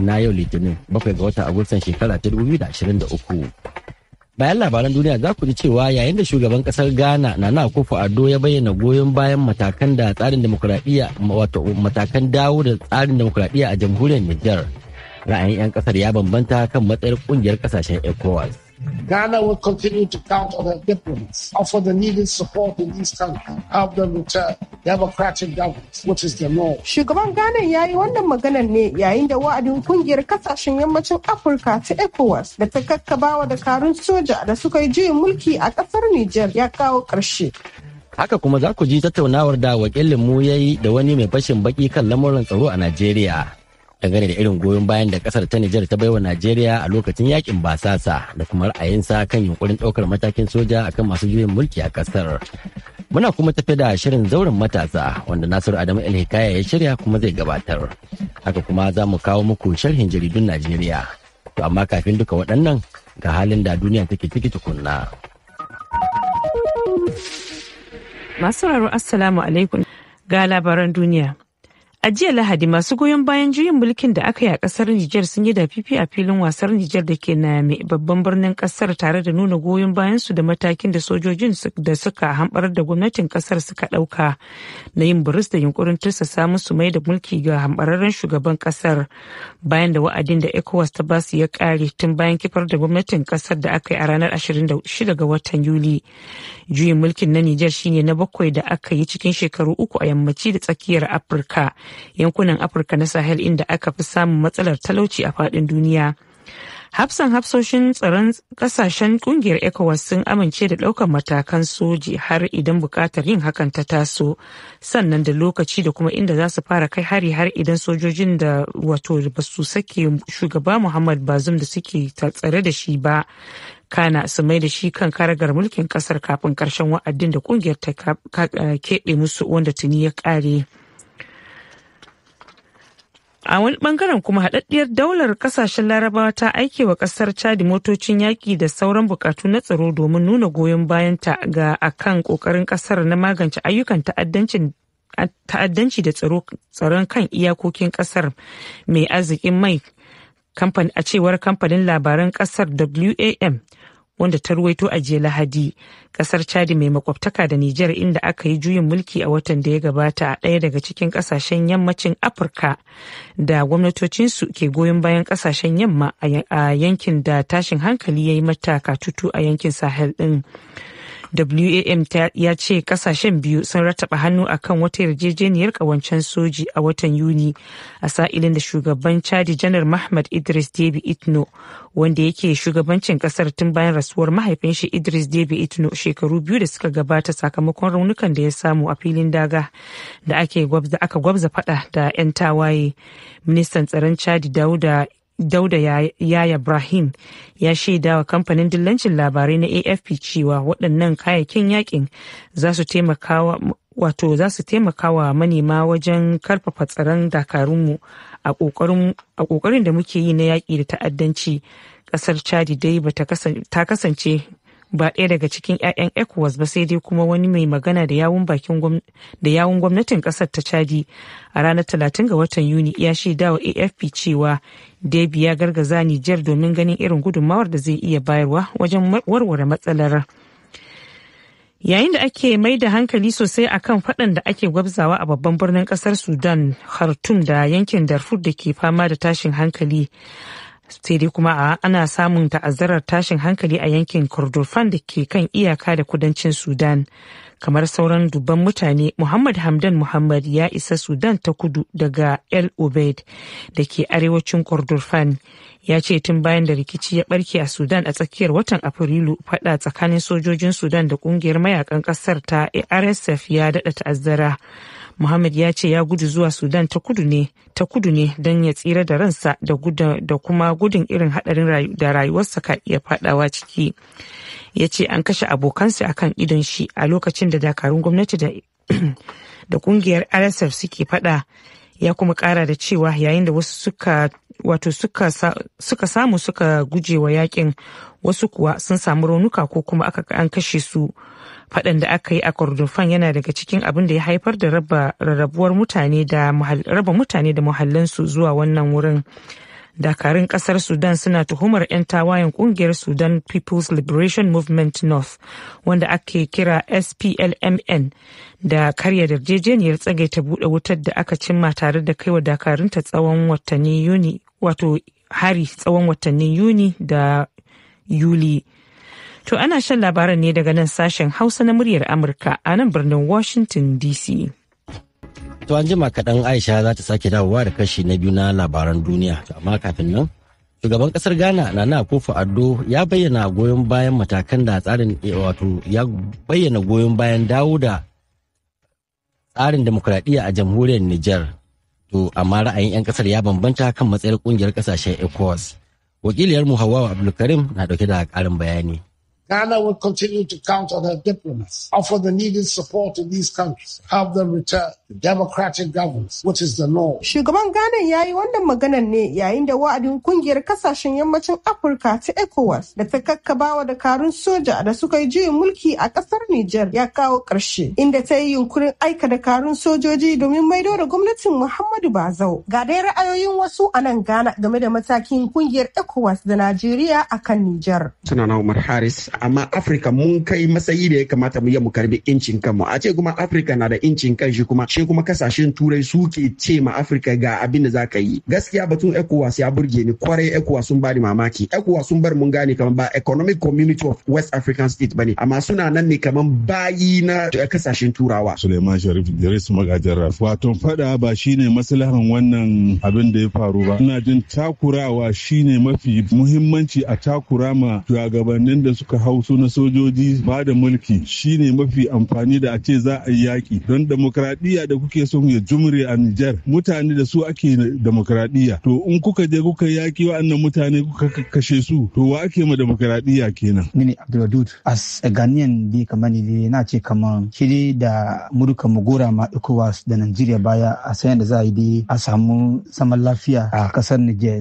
na yau litinin bakwai ga wata agustan shekara ta 2023 bayan labaran duniya za ku ji cewa yayin da shugaban kasar ghana na na kofa ado ya bayyana goyon bayan matakan da tsarin demokuraɗiyya wato matakan dawo da tsarin demokuraɗiyya a jamhuriyar niger ra'ayin 'yan kasar ya bambanta kan matsayar kungiyar kasashen ecowas Ghana will continue to count on her diplomats, offer the needed support in these countries, help them return democratic governance, which is the norm. Shugaban Ghana ya yi wannan maganar ne yayin da wa'adin kungiyar kasashen yammacin Afirka ta ECOWAS da ta kakkabawa dakarun soja da suka yi juyin mulki a kasar Nijar ya kawo ƙarshe. haka kuma za ku ji tattaunawar da wakilin mu ya yi da wani mai fashin baki kan lamuran tsaro a Najeriya dangane da irin goyon bayan da kasar ta Nijar ta baiwa Najeriya a lokacin yakin basasa da kuma ra'ayinsa kan yunkurin ɗaukar matakin soja akan masu juyin mulki a kasar. Muna kuma tafi da shirin zauren matasa wanda Nasiru Adamu Hikaya ya shirya kuma zai gabatar. Haka kuma za mu kawo muku sharhin jaridun Najeriya. To amma kafin duka waɗannan ga halin da duniya take ciki tukunna. Masu raro Assalamu alaikum ga labaran duniya. A jiya Lahadi masu goyon bayan juyin mulkin da aka yi a kasar Nijar sun yi dafifi a filin wasar Nijar da ke Nami babban birnin kasar tare da nuna goyon bayansu da matakin da sojojin da suka hambar da gwamnatin kasar suka ɗauka na yin buris da yunkurin tursasa su mai da mulki ga hambararren shugaban kasar bayan da wa'adin da ECOWAS ta basu ya kare tun bayan kifar da gwamnatin kasar da aka yi a ranar 26 ga watan Yuli. Juyin mulkin na Nijar shine na bakwai da aka yi cikin shekaru uku a yammaci da tsakiyar Afirka. yankunan afirka na sahel inda aka fi samun matsalar talauci a faɗin duniya hafsan hafsoshin tsaron kasashen kungiyar ecowas sun amince da ɗaukar matakan soji har idan bukatar yin hakan ta taso sannan da lokaci da kuma inda za su fara kai hari har idan sojojin da wato ba su sake shugaba muhammad bazum da suke tsare da shi ba kana su mai da shi kan karagar mulkin kasar kafin karshen wa'adin da kungiyar ta keɓe musu wanda tuni ya ƙare. a wani bangaren kuma haɗaɗɗiyar daular kasashen larabawa ta aike wa ƙasar chadi motocin yaƙi da sauran bukatu na tsaro domin nuna goyon bayanta ga akan ƙoƙarin ƙasar na magance ayyukan ta'addanci da tsaron kan iyakokin ƙasar mai arzikin mai a cewar kamfanin labaran ƙasar wam wanda ta ruwaito a jiya lahadi kasar chadi mai makwabtaka da nijar inda aka yi juyin mulki a watan da ya gabata a ɗaya daga cikin kasashen yammacin afirka da gwamnatocinsu ke goyon bayan kasashen yamma a yankin da tashin hankali ya yi mata katutu a yankin sahel ɗin. WAM ya ce kasashen biyu sun rataba hannu akan wata yarjejeniyar kawancen soji a watan Yuni a sa'ilin da shugaban Chadi janar Mahmad Idris debi Itno wanda yake shugabancin kasar tun bayan rasuwar mahaifin shi Idris debi Itno shekaru biyu da suka gabata sakamakon raunukan da ya samu a filin daga da aka gwabza fada da 'yan tawaye. Ministan tsaron Chadi Dauda dauda yaya ibrahim ya shaida wa kamfanin dillancin labarai na afp cewa waɗannan kayayyakin yakin za su taimaka wa manema wajen karfafa tsaron dakarunmu a ƙoƙarin da muke yi na yaƙi da ta'addanci ƙasar chadi dai ta kasance ba ɗaya daga cikin 'ya'yan ecowas ba sai dai kuma wani mai magana da yawun bakin da yawun gwamnatin ƙasar ta chadi a ranar talatin ga watan yuni ya shaida wa afp cewa debi ya gargaza nijar domin ganin irin gudummawar da zai iya bayarwa wajen warware matsalar yayin da ake mai da hankali sosai akan faɗan da ake gwabzawa a babban birnin ƙasar sudan khartum da yankin darfur da ke fama da tashin hankali sai dai kuma a ana samun ta'azzarar tashin hankali a yankin kordofan da ke kan iyaka da kudancin sudan kamar sauran dubban mutane muhammad hamdan muhammad ya isa sudan ta kudu daga el obed da ke arewacin kordofan ya ce tun bayan da rikici ya barke a sudan a tsakiyar watan afrilu fada tsakanin sojojin sudan da kungiyar mayakan kasar ta arsf ya daɗa ta'azzara Muhammad ya ce ya gudu zuwa Sudan ta kudu ne ta kudu ne don ya tsira da ransa da kuma gudun irin hadarin da rayuwarsa ka iya fadawa ciki. Ya ce an kashe abokansa akan idon shi a lokacin da dakarun gwamnati da da kungiyar RSF suke fada ya kuma kara da cewa yayin da wasu suka wato suka, suka samu suka guje wa yakin wasu kuwa sun samu raunuka ko kuma aka an kashe su faɗan da aka yi a kordofan yana daga cikin abin da ya haifar da rarrabuwar mutane da raba mutane da muhallansu zuwa wannan wurin dakarun kasar sudan suna tuhumar 'yan tawayen kungiyar sudan people's liberation movement north wanda ake kira splmn da karya yarjejeniyar tsagaita buɗe wutar da aka cimma tare da kaiwa dakarunta tsawon watanni yuni wato hari tsawon watannin yuni da yuli to ana shan labaran ne daga nan sashen hausa na muryar amurka a nan birnin washington dc to an jima kaɗan aisha za ta sake dawowa da kashi na biyu na labaran duniya amma kafin nan shugaban kasar ghana na nana akufo addo ya bayyana goyon bayan matakan da tsarin eh, wato ya bayyana goyon bayan dawo da tsarin demokuraɗiyya a jamhuriyar niger To amma ra'ayin 'yan kasar ya bambanta kan matsayar kungiyar kasashen ECOWAS. Wakiliyar mu Hawwa Abdulkarim na dauke da karin bayani. Ghana will continue to count on her diplomats, offer the needed support in these countries, have them return democratic governance which is the norm. Shugaban Ghana ya yi wannan maganar ne yayin da wa'adin kungiyar kasashen yammacin Afirka ta ECOWAS da ta kakkabawa da karun soja da suka yi juyin mulki a kasar Nijar ya kawo ƙarshe inda ta yi yunkurin aika da karun sojoji domin maido da gwamnatin Muhammadu Bazau. Ga dai ra'ayoyin wasu a nan Ghana game da matakin kungiyar ECOWAS da Najeriya a kan Nijar. Sunana Umar Harris amma Afirka mun kai matsayi da ya kamata mu yi mu karbi incin kanmu a ce kuma Afirka na da incin kan shi kuma ƙarshe kuma kasashen turai suke ce ma afirka ga abin da za ka yi gaskiya batun ecowas ya burge ni kwarai ecowas sun bani mamaki ecowas sun bar mun gane kamar ba economic community of west african state bane amma suna nan ne kamar bayi na kasashen turawa suleiman sharif idris magajar raf wato fada ba shine maslahan wannan abin da ya faru ba ina jin takurawa shine mafi muhimmanci a takura ma shugabannin da suka hausu na sojoji ba da mulki shine mafi amfani da a ce za a yi yaki don demokradiyya da kuke son ya jumre a Nijar mutane da su ake demokradiyya to in kuka je kuka yaki wa'annan mutane kuka kashe su to wa ake ma demokradiyya kenan ni ne Abdulwadud as a Ghanaian dai kamar ni dai na ce kamar shiri da muruka gora ma ECOWAS da Najeriya baya a sayan da za a yi dai a samu saman lafiya a kasar Nijar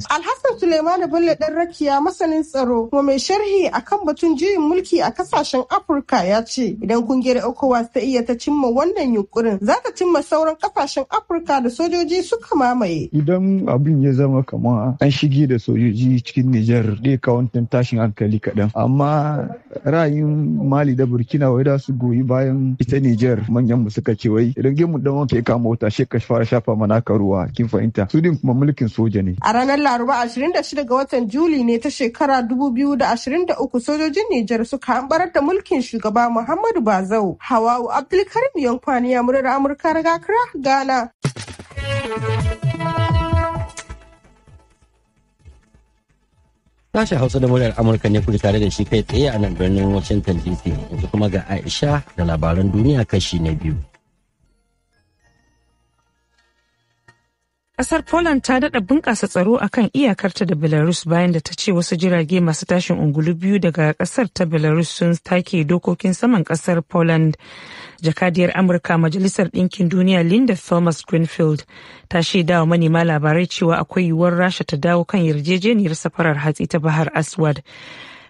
Suleimanu Bello ɗan rakiya masanin tsaro kuma mai sharhi akan batun juyin mulki a kasashen Afirka ya ce idan kungiyar ECOWAS ta iya ta cimma wannan yunkurin za ta cimma sauran kasashen Afirka da sojoji suka mamaye. Idan abin ya zama kama, an shige da sojoji cikin Nijar dai kawantin tashin hankali kaɗan. Amma ra'ayin Mali da Burkina wai da su goyi bayan ita Nijar manyan mu suka ce wai idan gemu dan wanke ka mota shi ka fara shafa mana ruwa kin fahimta. Su din kuma mulkin soja ne. A ranar Laraba ashirin. 26 ga watan Juli ne ta shekara 2023 sojojin Nijar suka hambarar da mulkin shugaba Muhammadu Bazau. hawawu Abdulkarim Yankwani ya murar Amurka daga Accra, Ghana. Sashen Hausa da muryar Amurka ne kuke tare da shi kai tsaye a nan birnin Washington DC yanzu kuma ga Aisha da labaran duniya kashi na biyu. Kasar Poland ta daɗa bunƙasa tsaro a kan iyakarta da Belarus bayan da ta ce wasu jirage masu tashin ungulu biyu daga ƙasar ta Belarus sun take dokokin saman ƙasar Poland. Jakadiyar Amurka Majalisar Ɗinkin Duniya Linda Thomas Greenfield ta shaidawa manema labarai cewa akwai yiwuwar Rasha ta dawo kan yarjejeniyar safarar hatsi ta Bahar Aswad.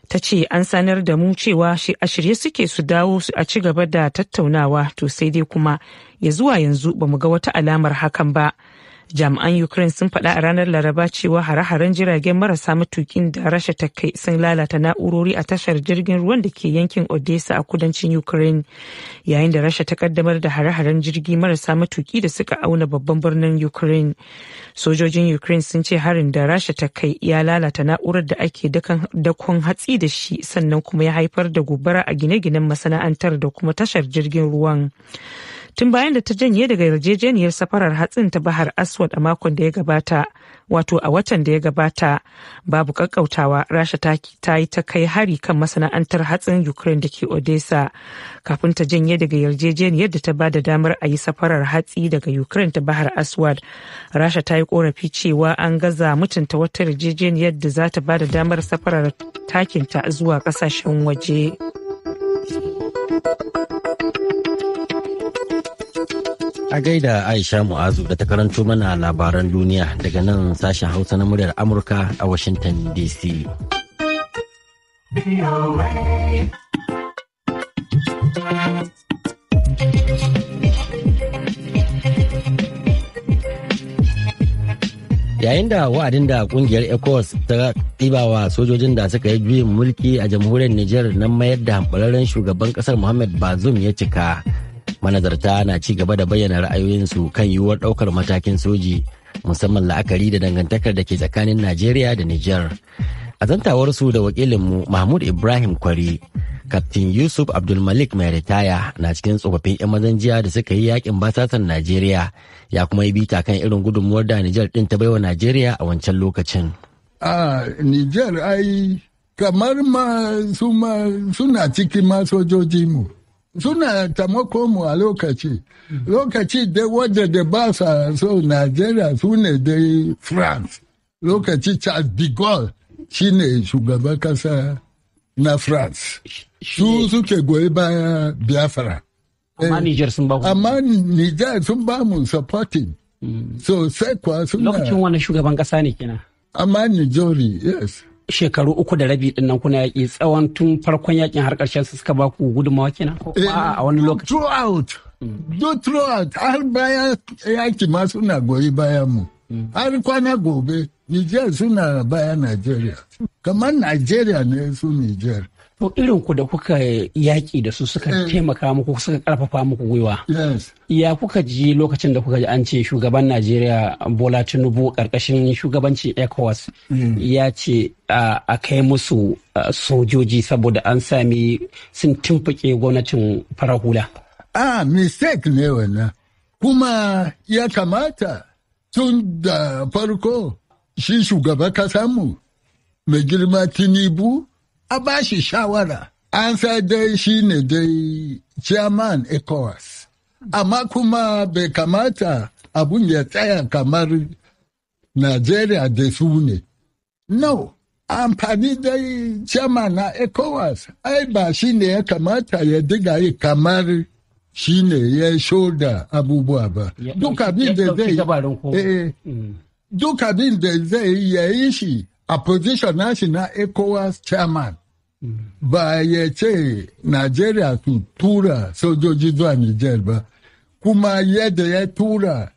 Ta ce an sanar da mu cewa a shirye suke su dawo su a ci gaba da tattaunawa to sai dai kuma ya zuwa yanzu bamu ga wata alamar hakan ba. jami'an ukraine sun faɗa a ranar laraba cewa hare-haren jiragen marasa matukin da rasha ta kai sun lalata na'urori a tashar jirgin ruwan da ke yankin odessa a kudancin ukraine yayin da rasha ta kaddamar da hare-haren jirgi marasa matuki da suka auna babban birnin ukraine sojojin ukraine sun ce harin da rasha ta kai ya lalata na'urar da ake dakon hatsi da shi sannan kuma ya haifar da gobara a gine-ginen masana'antar da kuma tashar jirgin ruwan. tun bayan da ta janye daga yarjejeniyar safarar hatsin ta bahar aswad a makon da ya gabata wato a watan da ya gabata babu kakkautawa rasha ta yi ta kai hari kan masana'antar hatsin ukraine da ke odessa kafin ta janye daga yarjejeniyar da ta ba da damar a yi safarar hatsi daga ukraine ta bahar aswad rasha ta yi korafi cewa an gaza mutunta wata yarjejeniyar da za ta ba da damar safarar takinta zuwa kasashen waje. A gaida Aisha Mu'azu da ta karanto mana labaran duniya daga nan sashen Hausa na muryar Amurka a Washington DC. yayin da wa'adin da kungiyar ecowas ta ɗibawa sojojin da suka yi juyin mulki a jamhuriyar Nijar na mayar da hambararren shugaban kasar muhammad bazoum ya cika manazarta na ci gaba da bayyana ra'ayoyinsu kan yiwuwar ɗaukar matakin soji musamman la'akari da dangantakar da ke tsakanin najeriya da niger a zantawarsu da wakilinmu mahmud ibrahim kwari kaftin yusuf abdulmalik mai ritaya na cikin tsofaffin 'yan mazan jiya da suka yi yakin basasan najeriya ya kuma yi bita kan irin gudunmuwar da niger ɗin ta baiwa najeriya a wancan lokacin a niger ai kamar ma suna cikin ma sojojinmu suna taimakon mu a lokaci lokaci dai wadda da ba sa so Najeriya su ne dai France lokaci Charles de Gaulle shi ne shugaban kasa na France su suke goyi baya Biafra eh, amma Niger sun ba mu supporting hmm. so sai kuwa suna lokacin wani shugaban kasa ne kina amma Nijori yes shekaru uku da rabi din nan kuna yaƙi tsawon tun farkon yaƙin har ƙarshen su suka baku ku gudunmawa kenan ko a wani eh, lokaci throughout do mm. throughout har baya yaƙi ma suna goyi bayan mu mm. har kwana gobe Niger suna baya Nigeria kamar Nigeria ne su Niger to irin ku da kuka yaƙi da su suka mm. taimaka muku suka karfafa muku gwiwa ya kuka ji lokacin da kuka ji an ce shugaban najeriya bola tinubu karkashin shugabanci ecowas mm. ya ce a kai musu sojoji saboda an sami sun tumfuke gwamnatin farahula. a mistake ne wannan kuma ya kamata tun da farko shi shugaba kasanmu mai girma tinubu a ba shi shawara an sai dai shi ne dai chairman ecowas amma kuma bai kamata abun ya tsaya kamar Nigeria da su ne no amfani dai chairman na ecowas ai ba shi ne ya kamata ya diga yi kamar shi ne ya shoda abubuwa ba Duka bin eh, eh. mm. da zai yi ya yi shi a position nashi na ECOWAS chairman ba ya ce Najeriya su tura sojoji zuwa Nijar ba, kuma yadda ya tura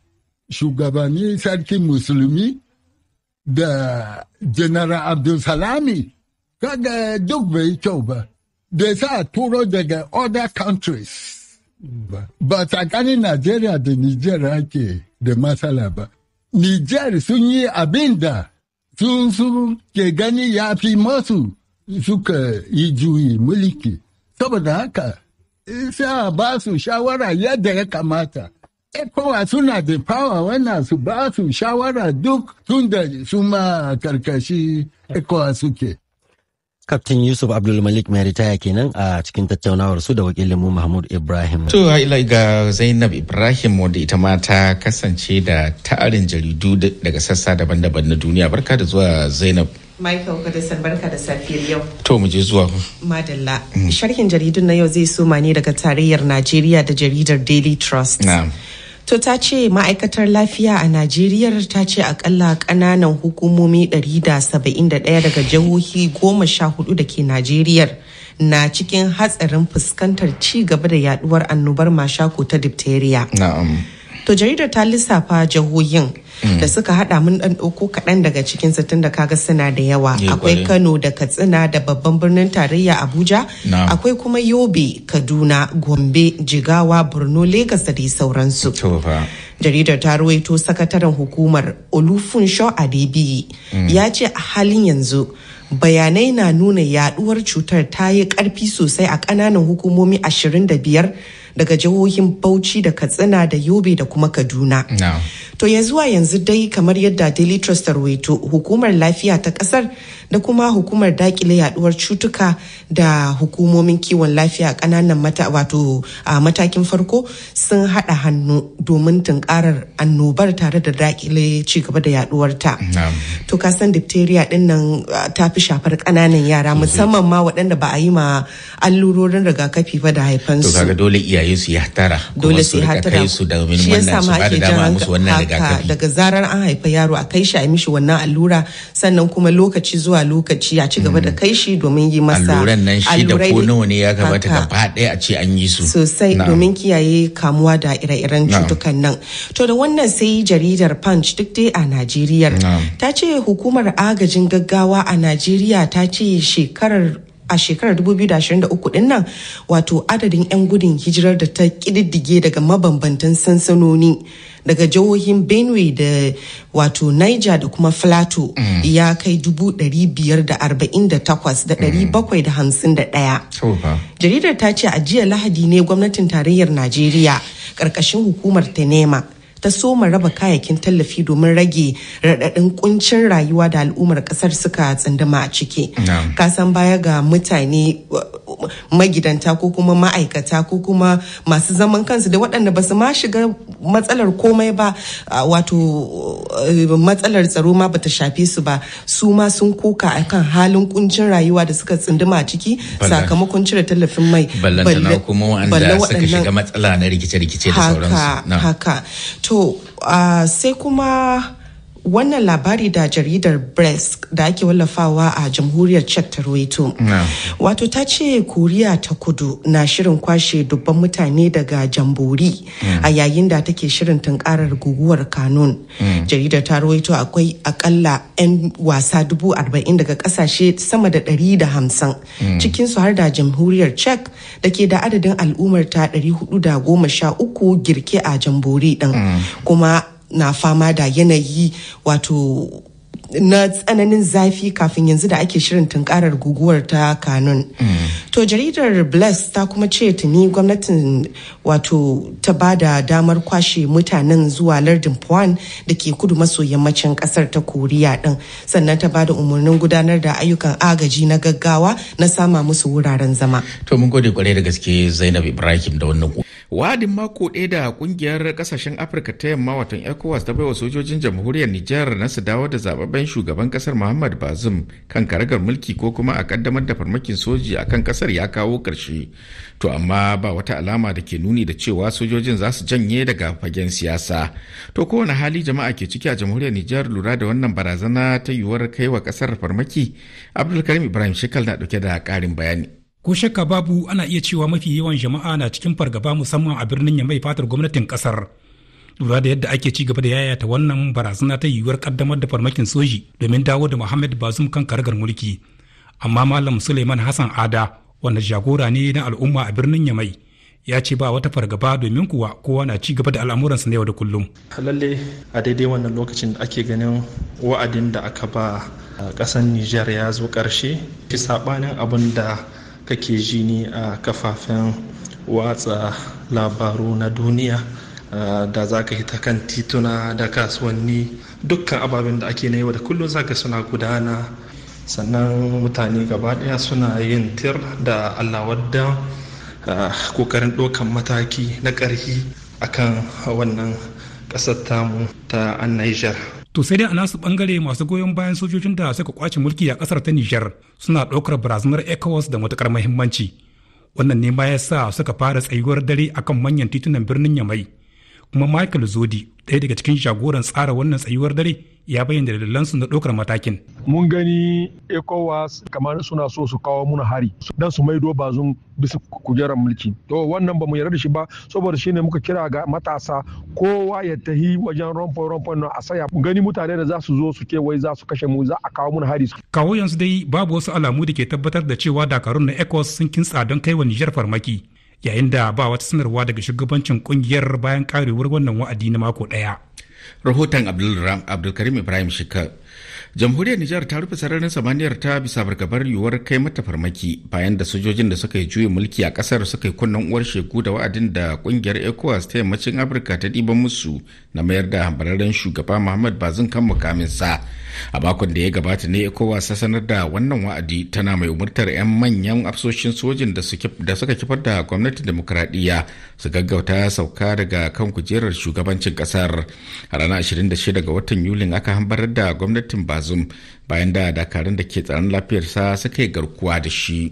shugabanni sarki musulmi da General Abdulsalami, kaga duk bai kyau ba, da sa turo daga other countries. Ba tsakanin Najeriya da Nijar ake da matsala ba. Nijar sun yi abin da sun ke gani ya fi masu suka yi juyi mulki saboda haka sa ba su shawara yadda ya kamata ECOWAS suna da fawa wannan su ba su shawara duk tun da su ma karkashi ECOWAS suke Kaftin Yusuf Abdulmalik mai ritaya kenan a cikin tattaunawar su da wakilinmu Mahmud Ibrahim. To ila ga Zainab Ibrahim wanda ita ma ta kasance da ta'arin jaridu daga sassa daban-daban na duniya. Barka da zuwa Zainab. Michael Kudisan barka da safiyar yau. To mu je zuwa. Madalla. Mm. Sharhin jaridun na yau zai soma ne daga tarayyar Najeriya da jaridar Daily Trust. Na'am. To ta ce ma'aikatar lafiya a Najeriya ta ce akalla kananan hukumomi 171 daga jihohi 14 da ke Najeriya na cikin hatsarin fuskantar ci gaba da yaduwar annobar mashako ta diphtheria. To jaridar ta lissafa jihohin Mm. da suka haɗa mun ɗan dauko kaɗan daga cikin su tunda kaga suna da yawa eh, akwai Kano da Katsina da babban birnin tarayya Abuja akwai kuma Yobe Kaduna Gombe Jigawa Borno Lagos da dai sauransu jaridar ta ruwaito sakataren hukumar Olufunsho Adebiyi mm. ya ce a halin yanzu bayanai na nuna yaduwar cutar ta yi ƙarfi sosai a ƙananan hukumomi 25 daga jihohin Bauchi da Katsina da Yobe da kuma Kaduna. To ya zuwa yanzu dai kamar yadda Daily Trust ta hukumar lafiya ta kasar da kuma hukumar dakile yaduwar cutuka da hukumomin kiwon lafiya kananan mata wato a matakin farko sun hada hannu domin tunkarar annobar tare da dakile cigaba da yaduwar ta to ka san diphtheria din nan ta fi shafar kananan yara musamman ma waɗanda ba a yi ma allurorin rigakafi ba da su. to kaga dole iyaye su ya tara dole su yi su da min wannan su ba da musu wannan rigakafi daga zarar an haifa yaro a kai shi a mishi wannan allura sannan kuma lokaci zuwa lokaci a cigaba da mm. kai shi domin yi masa alluran nan shi da ko nawa ne ya kamata gaba ɗaya a ce an yi su sosai domin kiyaye kamuwa da ire-iren cutukan nan to da wannan sai jaridar punch duk dai a najeriya ta ce hukumar agajin gaggawa a najeriya ta ce shekarar a shekarar 2023 din nan wato adadin 'yan gudun hijirar da ta kididdige daga mabambantan sansanoni daga jihohin benue da wato niger da kuma filato mm. ya kai 548,751 mm. jaridar ta ce a jiya lahadi ne gwamnatin tarayyar najeriya ƙarƙashin hukumar tenema ta soma raba kayakin tallafi domin rage raɗaɗin kuncin rayuwa da al'ummar ƙasar suka tsinduma a ciki. Kasan baya ga mutane magidanta ko kuma ma'aikata ko kuma masu zaman kansu da waɗanda ba su ma shiga matsalar komai ba wato eh, matsalar tsaro ma ba ta shafe su ba su ma sun koka akan halin kuncin rayuwa da suka tsunduma a ciki sakamakon cire tallafin mai ballantana kuma wanda suka shiga matsala na rikice-rikice da sauransu haka to sai kuma wannan labari da jaridar bresk da ake wallafawa a jamhuriyar czech ta rwaito wato ta ce koriya ta kudu na shirin kwashe dubban mutane daga jambori a hmm. yayin da take shirin tunkarar guguwar kanun hmm. jaridar ta rwaito akwai akalla 'yan wasa dubu arba'in daga kasashe sama da ɗari da hamsin hmm. cikinsu har da jamhuriyar czech da ke da adadin al'ummar ta ɗari hudu da goma sha uku girke a jambori ɗin kuma na fama da yanayi wato na tsananin zafi kafin yanzu da ake shirin tunkarar guguwar ta kanun. To jaridar Bless ta kuma ce tuni gwamnatin wato ta ba da damar kwashe mutanen zuwa lardin Puan da ke kudu maso yammacin kasar ta Koriya din sannan ta ba da umarnin gudanar da ayyukan agaji na gaggawa na sama musu wuraren zama. To mun gode kwarai da gaske Zainab Ibrahim da wannan Wadin mako ɗaya da ƙungiyar ƙasashen Afirka ta yamma watan ECOWAS ta baiwa sojojin jamhuriyar Nijar na su dawo da zababben shugaban kasar Muhammad Bazum kan karagar mulki ko kuma a kaddamar da farmakin soji a kan kasar ya kawo ƙarshe. To amma ba wata alama da ke nuni da cewa sojojin za su janye daga fagen siyasa. To kowane hali jama'a ke ciki a jamhuriyar Nijar lura da wannan barazana ta yiwuwar kai wa ƙasar farmaki? Abdulkarim Ibrahim Shekal na ɗauke da ƙarin bayani. ko shakka babu ana iya cewa mafi yawan jama'a na cikin fargaba musamman a birnin ya mai fatar gwamnatin kasar lura da yadda ake ci gaba da ta wannan barazana ta yiwuwar kaddamar da farmakin soji domin dawo da muhammad bazum kan karagar mulki amma malam suleiman hassan ada wanda jagora ne na al'umma a birnin yamai ya ce ba wata fargaba domin kuwa kowa na ci gaba da al'amuransa na yau da kullum. lalle a daidai wannan lokacin da ake ganin wa'adin da aka ba kasan nijar ya zo ƙarshe shi saɓanin abin da kake jini a kafafen watsa labaru na duniya da za ka hita kan tituna da kasuwanni dukkan ababen da ake na da kullum za ka suna gudana sannan mutane gaba daya suna yin tir da allawadda kokarin ɗaukan mataki na ƙarfi akan wannan ƙasar tamu ta niger to sai dai a nasu bangare masu goyon bayan sojojin da suka kwace mulki a kasar ta nijar suna ɗaukar barazanar ecowas da matukar muhimmanci wannan ne ma ya sa suka fara tsayuwar dare akan manyan titunan birnin yamai kuma michael zodi ɗaya daga cikin jagoran tsara wannan tsayuwar dare ya bayyana dalilansu na ɗaukar matakin. Mun gani ECOWAS kamar suna so su kawo muna hari don su maido bazun bisa kujerar mulki. To wannan ba mu yarda da shi ba saboda shine muka kira ga matasa kowa ya tahi wajen rompo rompo na a saya. Mun gani mutane da za su zo su wai za su kashe mu za a kawo muna hari. Kawo yanzu dai babu wasu alamu da ke tabbatar da cewa dakarun na ECOWAS sun kintsa don kai wa Nijar farmaki. yayin da ba wata sanarwa daga shugabancin kungiyar bayan karewar wannan wa'adi na mako daya rahoton abdulkarim ibrahim shika jamhuriyar nijar ta rufe sararin samaniyar ta bisa bargabar yiwuwar kai mata farmaki bayan da sojojin da suka yi juyin mulki a kasar suka yi kunnen uwar shegu da wa'adin da kungiyar ecowas ta yammacin afirka ta ɗiban musu na mayar da hambararren shugaba muhammad bazin kan mukaminsa a bakon da ya gabata ne ecowas ta sanar da wannan wa'adi tana mai umurtar 'yan manyan afsoshin sojin da suka kifar da gwamnatin demokuraɗiyya su gaggauta sauka daga kan kujerar shugabancin kasar a ranar 26 ga watan yulin aka hambarar da gwamnatin ba. bazum bayan da dakarun da ke tsaron lafiyarsa suka yi garkuwa da shi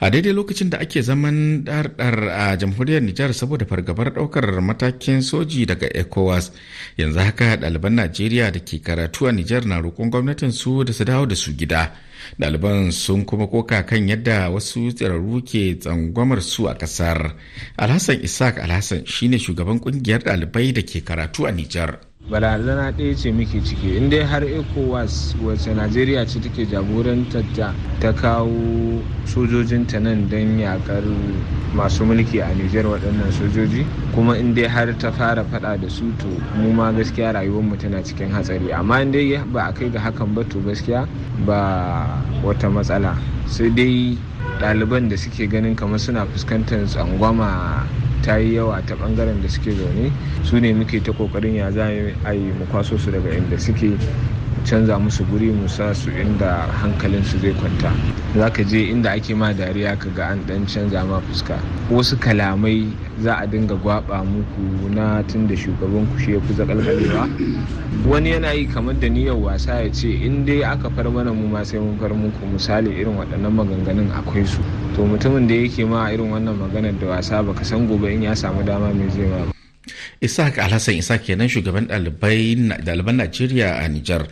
a daidai lokacin da ake zaman ɗarɗar a jamhuriyar nijar saboda fargabar ɗaukar matakin soji daga ecowas yanzu haka ɗaliban najeriya da ke karatu a nijar na roƙon gwamnatin su da su dawo da su gida ɗaliban sun kuma koka kan yadda wasu tsirarru ke tsangwamar su a ƙasar alhassan isaac alhassan shine shugaban ƙungiyar ɗalibai da ke karatu a nijar barazana ɗaya ce muke ciki in dai har ecowas wacce najeriya ce take jagorantata ta kawo sojojinta nan don yakar masu mulki a nijar waɗannan sojoji kuma in dai har ta fara faɗa da su to mu ma gaskiya rayuwar mu tana cikin hatsari amma in dai ba a kai ga hakan ba to gaskiya ba wata matsala sai dai ɗaliban da suke ganin kamar suna fuskantar tsangwama ta yi yawa ta ɓangaren da suke zaune su ne muke ta ƙoƙarin ya za a yi mu kwaso su daga inda suke canza musu guri mu sa su inda su zai kwanta za ka je inda ake ma dariya ka ga an dan canza ma fuska wasu kalamai za a dinga gwaba muku na tun da shugaban ku shi ya kusa kalkalewa wani yana yi kamar da ni yau wasa ya ce in dai aka far mana mu ma sai mun far muku misali irin waɗannan maganganun akwai su to mutumin da yake ma irin wannan maganar da wasa baka san gobe in ya samu dama mai zai ma ba Isaac Alhassan Isa kenan shugaban ɗaliban Najeriya a Nijar.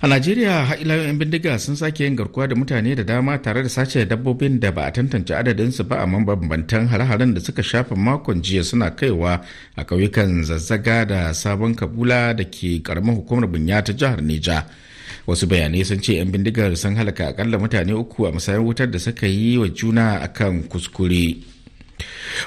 A Najeriya ha'ilayen 'yan bindiga sun sake yin garkuwa da mutane da dama tare da sace dabbobin da ba a tantance adadinsu ba a mabambantan hare-haren da suka shafa makon jiya suna kaiwa a ƙauyukan zazzaga da sabon kabula da ke ƙaramin hukumar bunya ta jihar Nija. Wasu bayanai sun ce 'yan bindigar sun halaka akalla mutane uku a musayar wutar da suka yi wa juna akan kuskure.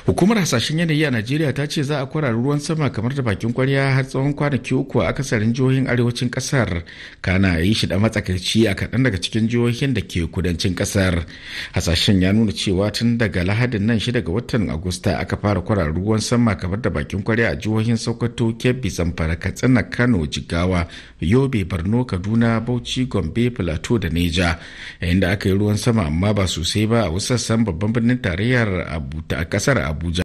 hukumar hasashen yanayi a najeriya ta ce za a kwarari ruwan sama kamar da bakin kwarya har tsawon kwanaki uku a akasarin jihohin arewacin kasar kana yi shi da matsakaici a kaɗan daga cikin jihohin da ke kudancin kasar hasashen ya nuna cewa tun daga lahadin nan shida ga watan agusta aka fara kwarari ruwan sama kamar da bakin kwarya a jihohin sokoto kebbi zamfara katsina kano jigawa yobe barno kaduna bauchi gombe plateau da neja yayin da aka yi ruwan sama amma ba sosai ba a wasu sassan babban birnin tarayyar abuta kasar abuja